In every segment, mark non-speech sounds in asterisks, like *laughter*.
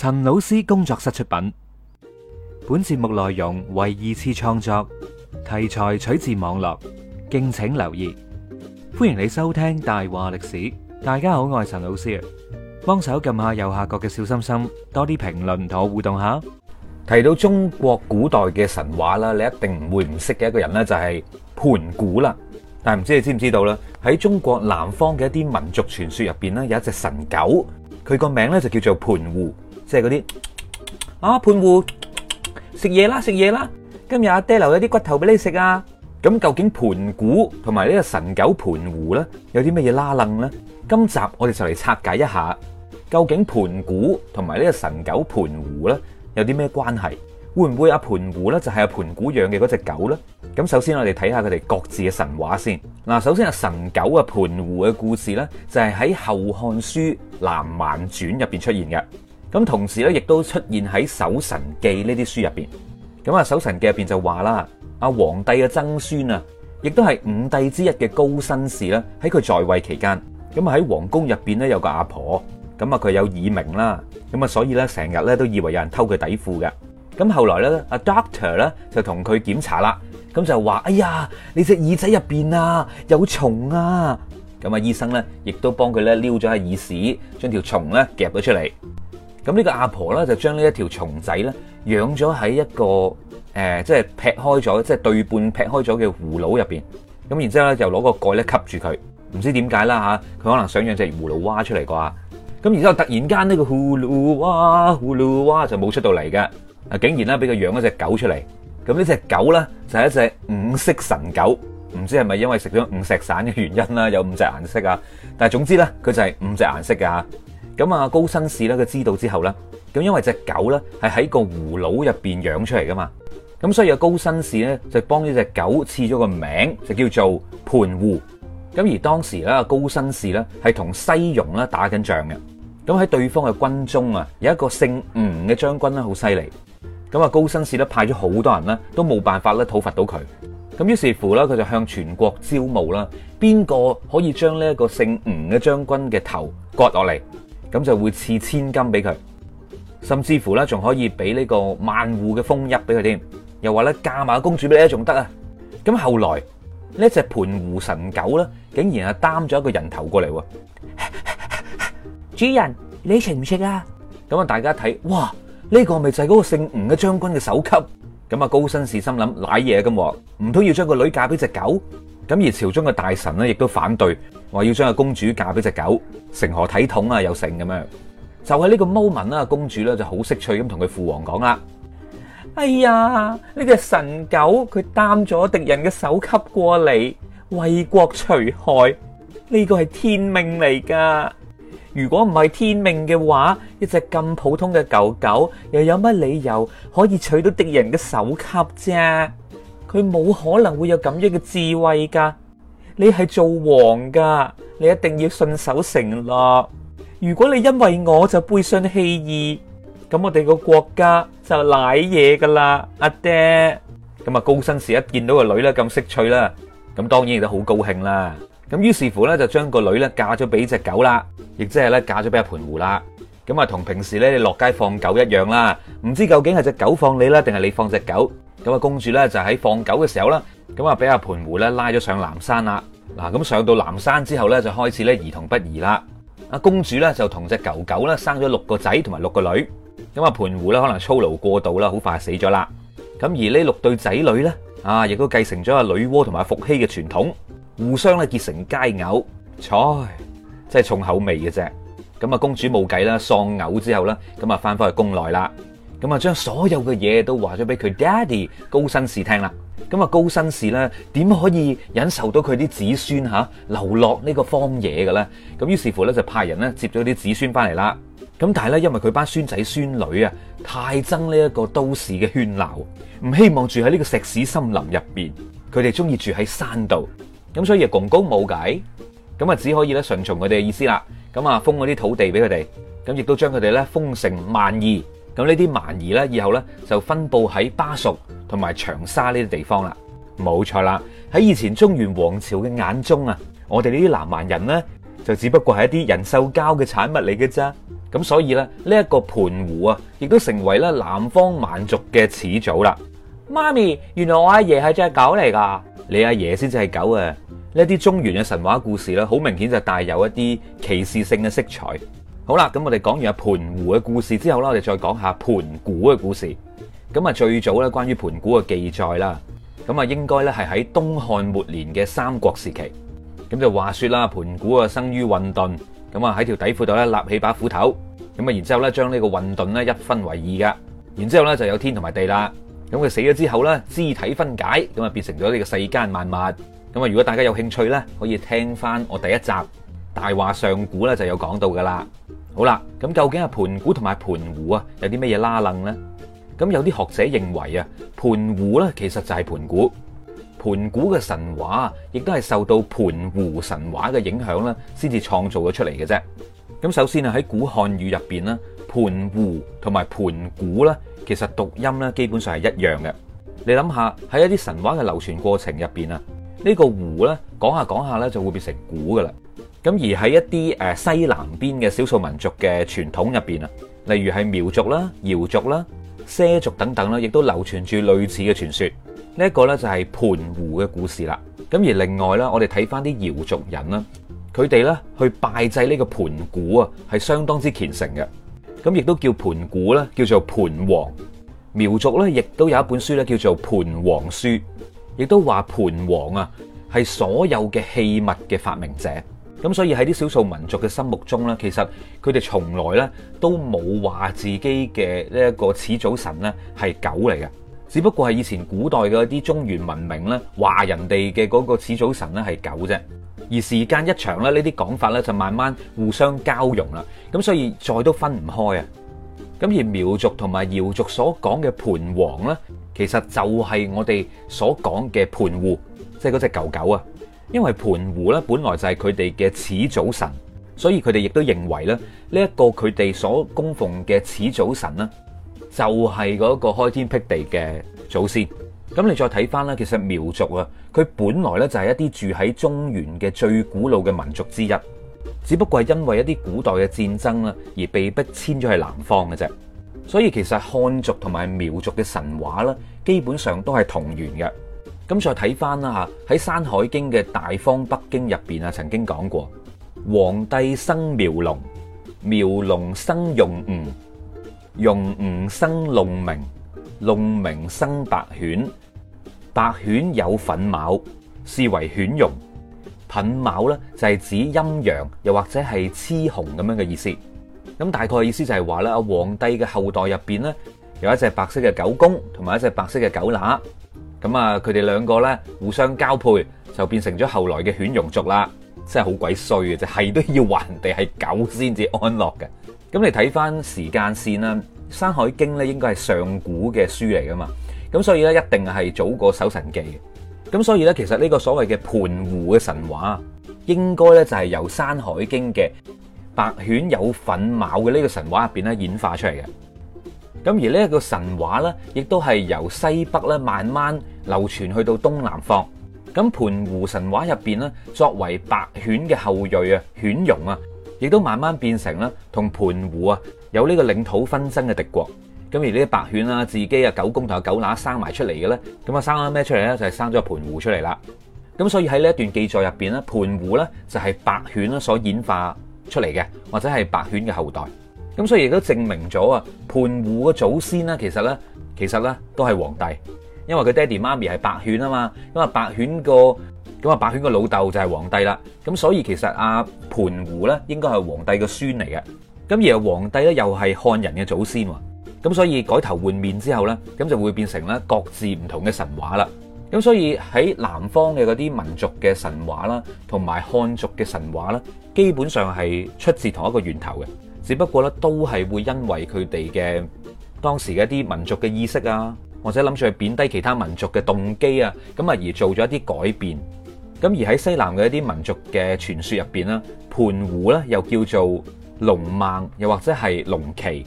陳老師工作室出品，本節目內容為二次創作，題材取自網絡，敬請留意。歡迎你收聽《大話歷史》。大家好，我係陳老師，幫手撳下右下角嘅小心心，多啲評論同我互動下。提到中國古代嘅神話啦，你一定唔會唔識嘅一個人呢，就係盤古啦。但係唔知你知唔知道咧？喺中國南方嘅一啲民族傳說入邊呢，有一隻神狗，佢個名呢，就叫做盤瓠。即係嗰啲啊，盤瓠食嘢啦，食嘢啦！今日阿爹留咗啲骨頭俾你食啊！咁究竟盤古同埋呢個神狗盤瓠咧，有啲咩嘢拉掕呢？今集我哋就嚟拆解一下，究竟盤古同埋呢個神狗盤瓠咧，有啲咩關係？會唔會阿盤瓠咧就係阿盤古養嘅嗰隻狗呢？咁首先我哋睇下佢哋各自嘅神話先。嗱，首先阿神狗啊盤瓠嘅故事咧，就係喺《後漢書南蠻傳》入邊出現嘅。咁同時咧，亦都出現喺《搜神記》呢啲書入邊。咁啊，《搜神記》入邊就話啦，阿皇帝嘅曾孫啊，亦都係五帝之一嘅高辛氏啦。喺佢在位期間，咁啊喺皇宮入邊咧有個阿婆，咁啊佢有耳鳴啦，咁啊所以咧成日咧都以為有人偷佢底褲嘅。咁後來咧，阿 Doctor 咧就同佢檢查啦，咁就話：哎呀，你隻耳仔入邊啊有蟲啊！咁啊醫生咧亦都幫佢咧撩咗下耳屎，將條蟲咧夾咗出嚟。咁呢個阿婆咧就將呢一條蟲仔咧養咗喺一個誒，即係劈開咗，即係對半劈開咗嘅葫蘆入邊。咁然之後咧就攞個蓋咧吸住佢。唔知點解啦嚇，佢可能想養隻葫蘆娃出嚟啩。咁然之後突然間呢個葫蘆娃、葫蘆娃就冇出到嚟㗎。啊，竟然咧俾佢養一隻狗出嚟。咁呢隻狗咧就係一隻五色神狗。唔知係咪因為食咗五石散嘅原因啦，有五隻顏色啊。但係總之咧，佢就係五隻顏色嘅嚇。咁啊，高辛氏咧，佢知道之後呢，咁因為隻狗呢，係喺個葫蘆入邊養出嚟噶嘛，咁所以啊，高辛氏呢，就幫呢隻狗賜咗個名，就叫做盤瓠。咁而當時呢，高辛氏呢，係同西戎呢打緊仗嘅。咁喺對方嘅軍中啊，有一個姓吳嘅將軍咧，好犀利。咁啊，高辛氏呢，派咗好多人呢，都冇辦法咧討伐到佢。咁於是乎呢，佢就向全國招募啦，邊個可以將呢一個姓吳嘅將軍嘅頭割落嚟？咁就會賜千金俾佢，甚至乎咧，仲可以俾呢個萬戶嘅封邑俾佢添，又話咧，嫁埋個公主俾你啊，仲得啊！咁後來呢隻盤湖神狗咧，竟然係擔咗一個人頭過嚟喎，主人你食唔食啊？咁啊大家睇哇，呢個咪就係嗰個姓吳嘅將軍嘅首級，咁啊高紳士心諗瀨嘢咁，唔通要將個女嫁俾隻狗？咁而朝中嘅大臣咧，亦都反對，話要將個公主嫁俾隻狗，成何體統啊？又成咁樣，就係呢個毛文啦。公主咧就好識趣咁同佢父王講啦：哎呀，呢隻神狗佢擔咗敵人嘅首級過嚟，為國除害，呢個係天命嚟㗎。如果唔係天命嘅話，一隻咁普通嘅狗狗又有乜理由可以取到敵人嘅首級啫？佢冇可能會有咁樣嘅智慧㗎，你係做王㗎，你一定要信守承諾。如果你因為我就背信棄義，咁我哋個國家就瀨嘢㗎啦，阿爹。咁啊，高辛氏一見到個女咧咁識趣啦，咁當然亦都好高興啦。咁於是乎咧就將個女咧嫁咗俾隻狗啦，亦即係咧嫁咗俾隻盤瓠啦。咁啊，同平時咧你落街放狗一樣啦，唔知究竟係隻狗放你啦，定係你放隻狗？咁啊，公主咧就喺放狗嘅時候啦，咁啊俾阿盤湖咧拉咗上南山啦。嗱，咁上到南山之後咧，就開始咧兒童不宜啦。啊，公主咧就同隻狗狗咧生咗六個仔同埋六個女。咁啊，盤湖咧可能操勞過度啦，好快死咗啦。咁而呢六對仔女咧，啊亦都繼承咗阿女媧同埋伏羲嘅傳統，互相咧結成佳偶。菜真係重口味嘅啫。咁啊，公主冇計啦，喪偶之後啦，咁啊翻返去宮內啦。咁啊，將所有嘅嘢都話咗俾佢爹哋高辛氏聽啦。咁啊，高辛氏咧點可以忍受到佢啲子孫、啊、流落呢個荒野嘅咧？咁於是乎咧就派人咧接咗啲子孫翻嚟啦。咁但係咧，因為佢班孫仔孫女啊太憎呢一個都市嘅喧鬧，唔希望住喺呢個石屎森林入面。佢哋中意住喺山度。咁所以共工冇計，咁啊只可以咧順從佢哋嘅意思啦。咁啊，封嗰啲土地俾佢哋，咁亦都將佢哋咧封成萬二。咁呢啲蠻夷呢，以後呢就分佈喺巴蜀同埋長沙呢啲地方啦。冇錯啦，喺以前中原王朝嘅眼中啊，我哋呢啲南蠻人呢，就只不過係一啲人獸交嘅產物嚟嘅啫。咁所以呢，呢一個盤瓠啊，亦都成為咧南方蠻族嘅始祖啦。媽咪，原來我阿爺係隻狗嚟噶？你阿爺先至係狗啊！呢啲中原嘅神話故事呢，好明顯就帶有一啲歧視性嘅色彩。好啦，咁我哋講完阿盤湖嘅故事之後啦，我哋再講下盤古嘅故事。咁啊，最早咧關於盤古嘅記載啦，咁啊應該咧係喺東漢末年嘅三國時期。咁就話說啦，盤古啊生於混沌，咁啊喺條底褲度咧立起把斧頭，咁啊然之後咧將呢個混沌咧一分為二噶，然之後咧就有天同埋地啦。咁佢死咗之後咧，肢體分解，咁啊變成咗呢個世間萬物。咁啊如果大家有興趣咧，可以聽翻我第一集《大話上古》咧就有講到噶啦。好啦，咁究竟係盤古同埋盤湖啊，有啲咩嘢拉楞呢？咁有啲學者認為啊，盤湖呢其實就係盤古，盤古嘅神話啊，亦都係受到盤湖神話嘅影響啦，先至創造咗出嚟嘅啫。咁首先啊，喺古漢語入邊啦，盤湖同埋盤古呢，其實讀音呢基本上係一樣嘅。你諗下喺一啲神話嘅流傳過程入邊啊，呢個湖呢講下講下呢，就會變成古噶啦。咁而喺一啲誒西南邊嘅少數民族嘅傳統入面，啊，例如係苗族啦、瑤族啦、畲族等等啦，亦都流傳住類似嘅傳說。呢一個呢，就係盤瓠嘅故事啦。咁而另外啦，我哋睇翻啲瑤族人啦，佢哋呢去拜祭呢個盤古啊，係相當之虔誠嘅。咁亦都叫盤古呢，叫做盤王。苗族呢，亦都有一本書呢，叫做《盤王書》，亦都話盤王啊係所有嘅器物嘅發明者。咁所以喺啲少數民族嘅心目中呢，其實佢哋從來咧都冇話自己嘅呢一個始祖神咧係狗嚟嘅，只不過係以前古代嘅一啲中原文明咧話人哋嘅嗰個始祖神咧係狗啫。而時間一長咧，呢啲講法咧就慢慢互相交融啦。咁所以再都分唔開啊。咁而苗族同埋瑤族所講嘅盤王咧，其實就係我哋所講嘅盤瓠，即係嗰隻狗狗啊。因為盤古咧，本來就係佢哋嘅始祖神，所以佢哋亦都認為咧，呢一個佢哋所供奉嘅始祖神呢就係嗰個開天闢地嘅祖先。咁你再睇翻咧，其實苗族啊，佢本來咧就係一啲住喺中原嘅最古老嘅民族之一，只不過係因為一啲古代嘅戰爭啦，而被迫遷咗去南方嘅啫。所以其實漢族同埋苗族嘅神話咧，基本上都係同源嘅。咁再睇翻啦嚇，喺《山海經》嘅《大荒北經》入邊啊，曾經講過：黃帝生苗龍，苗龍生融吾，融吾生弄明，弄明生白犬，白犬有牝牡，是為犬戎。牝牡咧就係指陰陽，又或者係雌雄咁樣嘅意思。咁大概嘅意思就係話咧，黃帝嘅後代入邊咧有一隻白色嘅狗公，同埋一隻白色嘅狗乸。咁啊，佢哋兩個呢，互相交配，就變成咗後來嘅犬戎族啦。真係好鬼衰嘅， *laughs* 就係都要話人哋係狗先至安樂嘅。咁你睇翻時間線啦，《山海經》呢，應該係上古嘅書嚟噶嘛，咁所以呢，一定係早過《搜神記》嘅。咁所以呢，其實呢個所謂嘅盤瓠嘅神話，應該呢就係由《山海經》嘅白犬有牝牡嘅呢個神話入面演化出嚟嘅。咁而呢一個神話呢，亦都係由西北呢慢慢流傳去到東南方。咁盤湖神話入面呢，作為白犬嘅後裔啊，犬戎啊，亦都慢慢變成啦同盤湖啊有呢個領土紛爭嘅敵國。咁而呢啲白犬啊，自己啊狗公同狗乸生埋出嚟嘅呢，咁啊生咗咩出嚟呢？就係生咗個盤湖出嚟啦。咁所以喺呢一段記載入面呢，盤湖呢就係白犬呢所演化出嚟嘅，或者係白犬嘅後代。咁所以亦都證明咗啊！盤瓠嘅祖先咧，其實咧，其實咧都係黃帝，因為佢爹哋媽咪係白犬啊嘛。咁啊，白犬個咁啊，白犬個老豆就係黃帝啦。咁所以其實阿盤瓠咧，應該係黃帝嘅孫嚟嘅。咁而阿黃帝咧，又係漢人嘅祖先喎。咁所以改頭換面之後咧，咁就會變成咧各自唔同嘅神話啦。咁所以喺南方嘅嗰啲民族嘅神話啦，同埋漢族嘅神話咧，基本上係出自同一個源頭嘅。只不過咧，都係會因為佢哋嘅當時嘅一啲民族嘅意識啊，或者諗住去貶低其他民族嘅動機啊，咁啊而做咗一啲改變。咁而喺西南嘅一啲民族嘅傳說入邊啦，盤瓠咧又叫做龍孟，又或者係龍旗。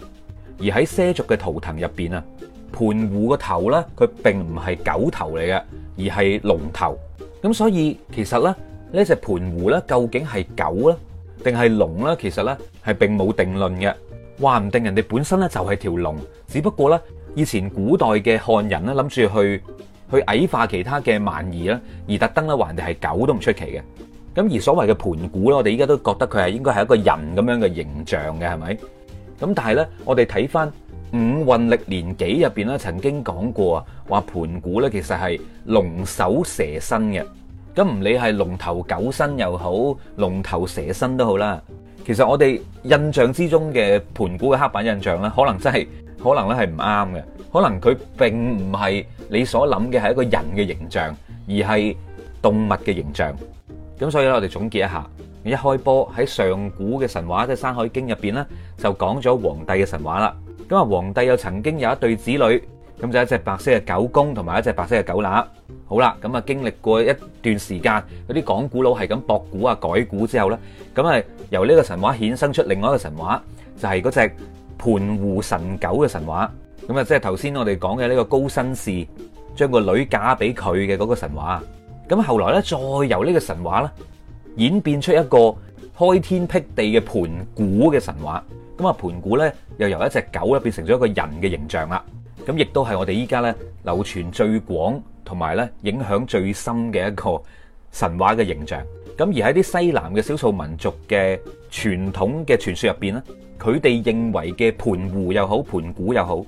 而喺畲族嘅圖騰入邊啊，盤瓠個頭咧，佢並唔係狗頭嚟嘅，而係龍頭。咁所以其實咧，呢隻盤瓠咧，究竟係狗咧？定係龍呢？其實呢，係並冇定論嘅，話唔定人哋本身呢，就係條龍，只不過呢，以前古代嘅漢人呢，諗住去去矮化其他嘅蠻夷啦，而特登呢，話人哋係狗都唔出奇嘅。咁而所謂嘅盤古呢，我哋依家都覺得佢係應該係一個人咁樣嘅形象嘅，係咪？咁但係呢，我哋睇翻五運歷年紀入邊呢，曾經講過啊，話盤古呢，其實係龍首蛇身嘅。咁唔理係龍頭狗身又好，龍頭蛇身都好啦。其實我哋印象之中嘅盤古嘅黑板印象呢，可能真係可能咧係唔啱嘅。可能佢並唔係你所諗嘅係一個人嘅形象，而係動物嘅形象。咁所以咧，我哋總結一下，一開波喺上古嘅神話，即係《山海經》入面呢，就講咗皇帝嘅神話啦。咁啊，皇帝又曾經有一對子女。咁就一隻白色嘅狗公，同埋一隻白色嘅狗乸。好啦，咁啊，經歷過一段時間，嗰啲講古佬係咁博古啊、改古之後呢，咁啊由呢個神話衍生出另外一個神話，就係、是、嗰隻盤瓠神狗嘅神話。咁啊，即係頭先我哋講嘅呢個高辛氏將個女嫁俾佢嘅嗰個神話。咁後來呢，再由呢個神話呢演變出一個開天闢地嘅盤古嘅神話。咁啊，盤古呢又由一隻狗啦變成咗一個人嘅形象啦。咁亦都係我哋依家咧流傳最廣同埋咧影響最深嘅一個神話嘅形象。咁而喺啲西南嘅少數民族嘅傳統嘅傳說入邊，咧，佢哋認為嘅盤瓠又好盤古又好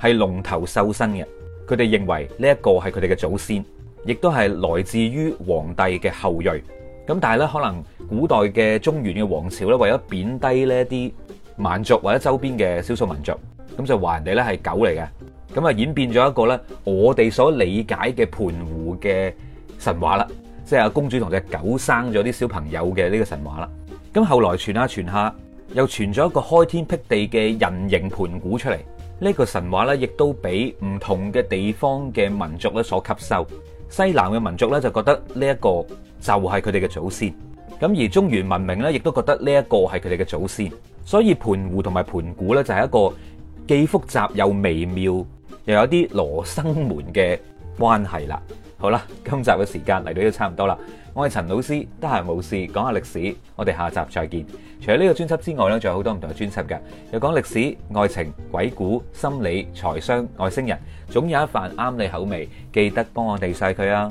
係龍頭獸身嘅。佢哋認為呢一個係佢哋嘅祖先，亦都係來自於皇帝嘅後裔。咁但係咧，可能古代嘅中原嘅王朝咧，為咗貶低呢一啲蠻族或者周邊嘅少數民族，咁就話人哋咧係狗嚟嘅。咁啊，演變咗一個咧，我哋所理解嘅盤湖嘅神話啦，即係阿公主同隻狗生咗啲小朋友嘅呢個神話啦。咁後來傳下、啊、傳下、啊，又傳咗一個開天闢地嘅人形盤古出嚟。呢個神話呢，亦都俾唔同嘅地方嘅民族咧所吸收。西南嘅民族呢，就覺得呢一個就係佢哋嘅祖先，咁而中原文明呢，亦都覺得呢一個係佢哋嘅祖先。所以盤湖同埋盤古呢，就係一個既複雜又微妙，又有啲羅生門嘅關係啦。好啦，今集嘅時間嚟到都差唔多啦。我係陳老師，得閒無事講下歷史。我哋下集再見。除咗呢個專輯之外呢，仲有好多唔同嘅專輯嘅，又講歷史、愛情、鬼故、心理、財商、外星人，總有一份啱你口味。記得幫我哋晒佢啊！